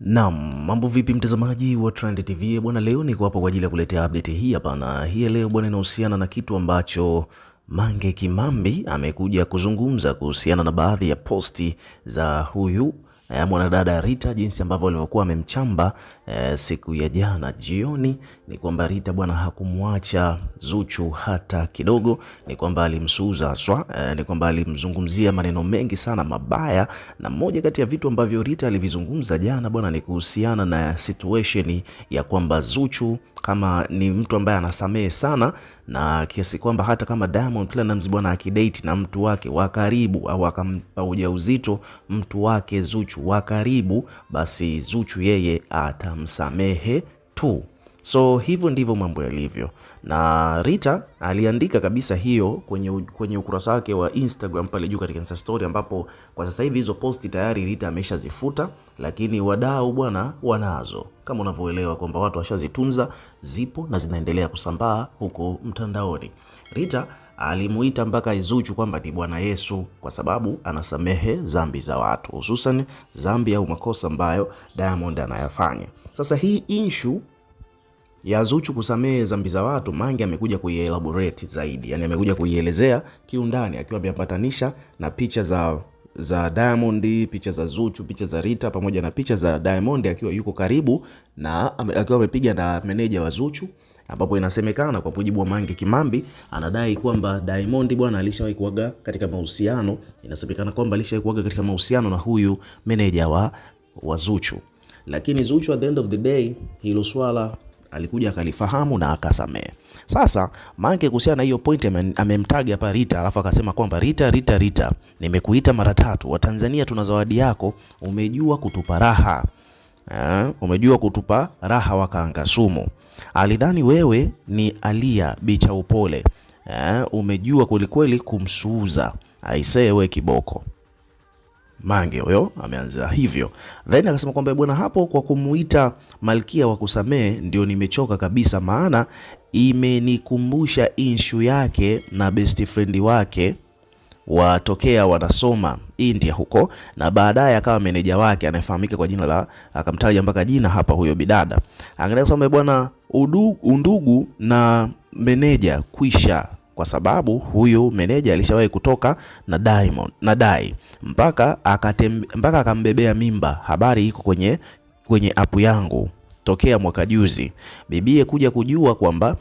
Naam, mambo vipi mtazamaji wa Trend TV bwana, leo niko hapa kwa ajili ya kuletea update hii hapa, na hii leo bwana inahusiana na kitu ambacho Mange Kimambi amekuja kuzungumza kuhusiana na baadhi ya posti za huyu Eh, mwanadada Rita jinsi ambavyo alivyokuwa amemchamba e, siku ya jana jioni, ni kwamba Rita bwana hakumwacha Zuchu hata kidogo, ni kwamba alimsuuza swa e, eh, ni kwamba alimzungumzia maneno mengi sana mabaya, na moja kati ya vitu ambavyo Rita alivizungumza jana bwana ni kuhusiana na situation ya kwamba Zuchu kama ni mtu ambaye anasamehe sana na kiasi kwamba hata kama Diamond Platinumz bwana akidate na mtu wake wa karibu au akampa ujauzito mtu wake Zuchu Zuchu wa karibu, basi Zuchu yeye atamsamehe tu. So hivyo ndivyo mambo yalivyo, na Rita aliandika kabisa hiyo kwenye, kwenye ukurasa wake wa Instagram pale juu katika Insta story, ambapo kwa sasa hivi hizo posti tayari Rita ameshazifuta, lakini wadau bwana wanazo, kama unavyoelewa kwamba watu washazitunza, zipo na zinaendelea kusambaa huko mtandaoni Rita alimuita mpaka Zuchu kwamba ni Bwana Yesu kwa sababu anasamehe dhambi za watu, hususan dhambi au makosa ambayo Diamond anayafanya. Sasa hii inshu ya Zuchu kusamehe dhambi za watu, Mange amekuja kuielaborate zaidi, yani amekuja kuielezea kiundani, akiwa amepatanisha na picha za za Diamond, picha za Zuchu, picha za Rita pamoja na picha za Diamond akiwa yuko karibu na akiwa amepiga na meneja wa Zuchu ambapo inasemekana kwa mujibu wa Mange Kimambi anadai kwamba Diamond bwana alishawahi kuaga katika mahusiano. Inasemekana kwamba alishawahi kuaga katika mahusiano na huyu meneja wa, wa Zuchu, lakini Zuchu at the end of the day hilo swala alikuja akalifahamu na akasamehe. Sasa Mange kuhusiana na hiyo point amemtaga hapa Rita, alafu akasema kwamba Rita, Rita, Rita, nimekuita mara tatu. Watanzania tuna zawadi yako, umejua kutupa raha ha? Eh, umejua kutupa raha wakaanga sumu. Alidhani wewe ni Alia bicha upole ha? Eh, umejua kwelikweli kumsuuza. Aisee we kiboko. Mange huyo ameanza hivyo, then akasema kwamba bwana, hapo kwa kumuita malkia wa kusamehe ndio nimechoka kabisa, maana imenikumbusha inshu yake na best friend wake watokea wanasoma India huko, na baadaye akawa meneja wake anayefahamika kwa jina la, akamtaja mpaka jina hapa, huyo bidada angalia, kusema bwana, undugu na meneja kwisha kwa sababu huyu meneja alishawahi kutoka na Diamond na Dai mpaka akatem, mpaka akambebea mimba. Habari iko kwenye kwenye apu yangu tokea mwaka juzi. Bibie kuja kujua kwamba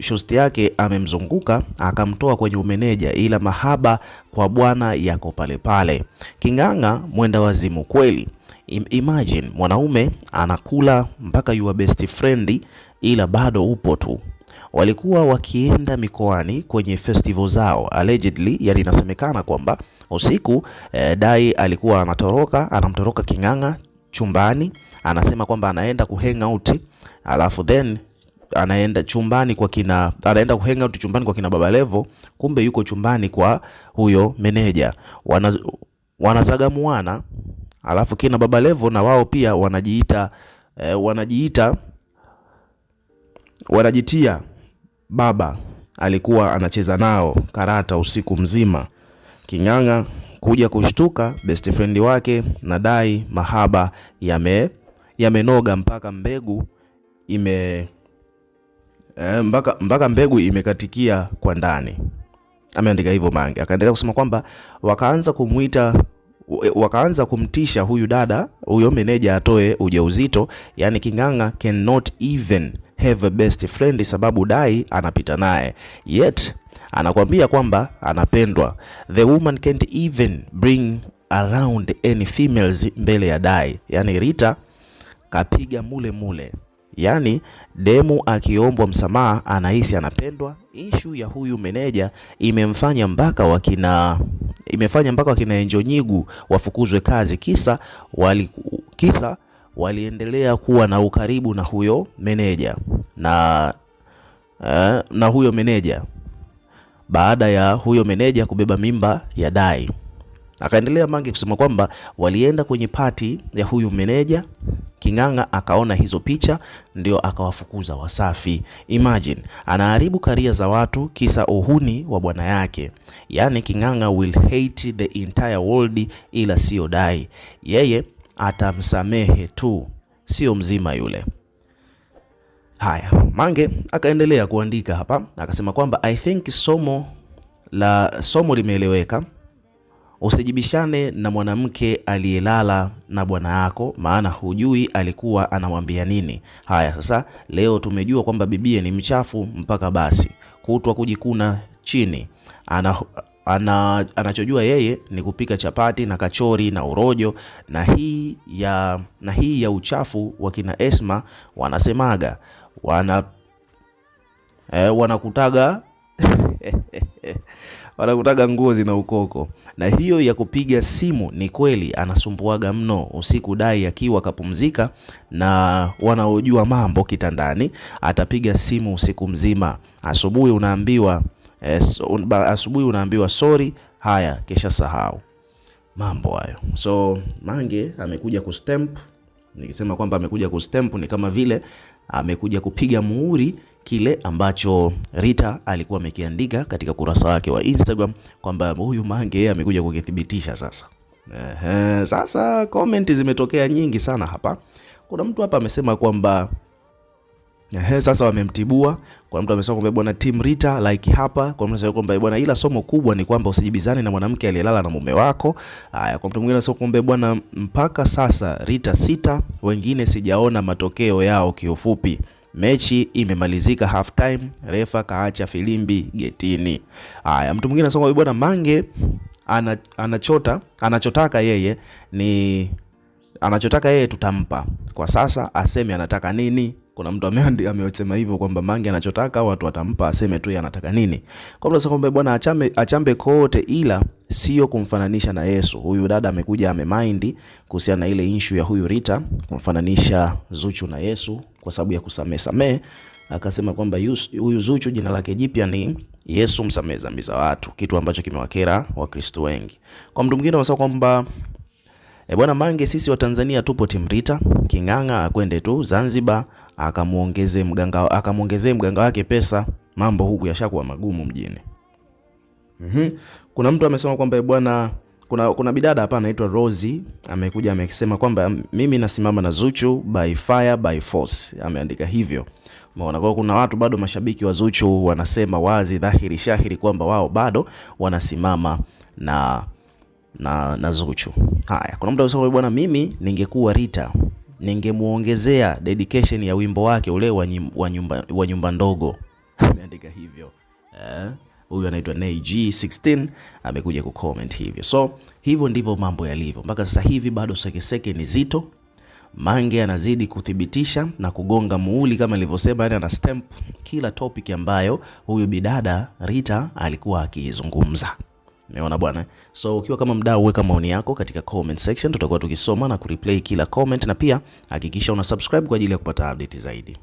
shosti yake amemzunguka akamtoa kwenye umeneja, ila mahaba kwa bwana yako pale pale. King'ang'a mwenda wazimu kweli. Imagine mwanaume anakula mpaka your best friend, ila bado upo tu walikuwa wakienda mikoani kwenye festival zao. Allegedly, yani inasemekana kwamba usiku eh, Dai alikuwa anatoroka anamtoroka King'ang'a chumbani, anasema kwamba anaenda kuhang out, alafu then anaenda chumbani kwa kina anaenda kuhang out chumbani kwa kina Baba Levo, kumbe yuko chumbani kwa huyo meneja. Wana, wanazagamuana alafu kina Baba Levo na wao pia wanajiita eh, wanajiita wanajitia baba alikuwa anacheza nao karata usiku mzima. King'ang'a kuja kushtuka, best friend wake Nadai mahaba yame yamenoga mpaka mbegu ime e, mpaka, mpaka mbegu imekatikia kwa ndani. Ameandika hivyo Mange. Akaendelea kusema kwamba wakaanza kumwita wakaanza kumtisha huyu dada huyo meneja atoe ujauzito, yani King'ang'a cannot even have a best friend, sababu dai anapita naye yet anakwambia kwamba anapendwa. The woman can't even bring around any females mbele ya dai, yani Rita kapiga mule mule. yani demu akiombwa msamaha anahisi anapendwa. Ishu ya huyu meneja imemfanya mpaka wakina imefanya mpaka wakina Enjo Nyigu wafukuzwe kazi, kisa wali, kisa waliendelea kuwa na ukaribu na huyo meneja na, eh, na huyo meneja baada ya huyo meneja kubeba mimba ya Dai. Akaendelea Mange kusema kwamba walienda kwenye pati ya huyu meneja King'ang'a akaona hizo picha ndio akawafukuza Wasafi. Imagine anaharibu karia za watu kisa uhuni wa bwana yake. Yaani King'ang'a will hate the entire world, ila sio Dai. Yeye atamsamehe tu, sio mzima yule. Haya, Mange akaendelea kuandika hapa, akasema kwamba I think somo la somo limeeleweka. Usijibishane na mwanamke aliyelala na bwana yako, maana hujui alikuwa anamwambia nini. Haya, sasa leo tumejua kwamba bibie ni mchafu mpaka basi, kutwa kujikuna chini ana ana anachojua yeye ni kupika chapati na kachori na urojo, na hii ya, na hii ya uchafu wa kina Esma wanasemaga wana eh, wanakutaga wanakutaga nguo zina ukoko, na hiyo ya kupiga simu ni kweli anasumbuaga mno usiku dai akiwa kapumzika, na wanaojua mambo kitandani atapiga simu usiku mzima. Asubuhi unaambiwa eh, asubuhi unaambiwa sorry, haya, kesha sahau mambo hayo. So Mange amekuja kustemp Nikisema kwamba amekuja kustempu ni kama vile amekuja kupiga muhuri kile ambacho Rita alikuwa amekiandika katika kurasa wake wa Instagram kwamba huyu Mange amekuja kukithibitisha sasa. Ehe, sasa comment zimetokea nyingi sana hapa. Kuna mtu hapa amesema kwamba Ehe, sasa wamemtibua. kwa mtu amesema kwamba bwana Tim Rita like hapa. kwa mtu anasema kwamba bwana, ila somo kubwa ni kwamba usijibizane na mwanamke aliyelala na mume wako. Haya, kwa mtu mwingine anasema kwamba bwana, mpaka sasa Rita sita, wengine sijaona matokeo yao. Kiufupi, mechi imemalizika half time, refa kaacha filimbi getini. Haya, mtu mwingine anasema bwana, Mange anachota anachotaka yeye ni anachotaka yeye tutampa. Kwa sasa aseme anataka nini kuna mtu amesema hivyo kwamba Mange anachotaka watu watampa, aseme tu anataka nini. Kwa mtu asema bwana achambe, achambe kote, ila sio kumfananisha na Yesu. Huyu dada amekuja amemind kuhusiana na ile issue ya huyu Rita kumfananisha Zuchu na Yesu kwa sababu ya kusamehe samee, akasema kwamba huyu Zuchu jina lake jipya ni Yesu msamee dhambi za watu, kitu ambacho kimewakera Wakristo wengi. Kwa mtu mwingine anasema kwamba E, bwana Mange, sisi wa Tanzania tupo timu Rita, king'ang'a akwende tu Zanzibar akamuongezee mganga akamuongezee mganga wake pesa. Mambo huku yashakuwa magumu mjini. Mm-hmm. Kuna mtu amesema kwamba eh, bwana kuna, kuna bidada hapa anaitwa Rozi amekuja amesema kwamba mimi nasimama na Zuchu by fire by force, ameandika hivyo. Umeona, kwa kuna watu bado mashabiki wa Zuchu wanasema wazi dhahiri shahiri kwamba wao bado wanasimama na na, na Zuchu. Haya, kuna mtu amesema bwana, mimi ningekuwa Rita ningemuongezea dedication ya wimbo wake ule wa nyumba, wa nyumba ndogo ameandika hivyo eh? Huyu anaitwa NG16 amekuja kucomment hivyo. So hivyo ndivyo mambo yalivyo mpaka sasa hivi, bado sekeseke ni zito. Mange anazidi kuthibitisha na kugonga muuli kama alivyosema, yani ana stamp kila topic ambayo huyu bidada Rita alikuwa akiizungumza. Umeona bwana, eh? so ukiwa kama mdau, weka maoni yako katika comment section, tutakuwa tukisoma na kureplay kila comment, na pia hakikisha una subscribe kwa ajili ya kupata update zaidi.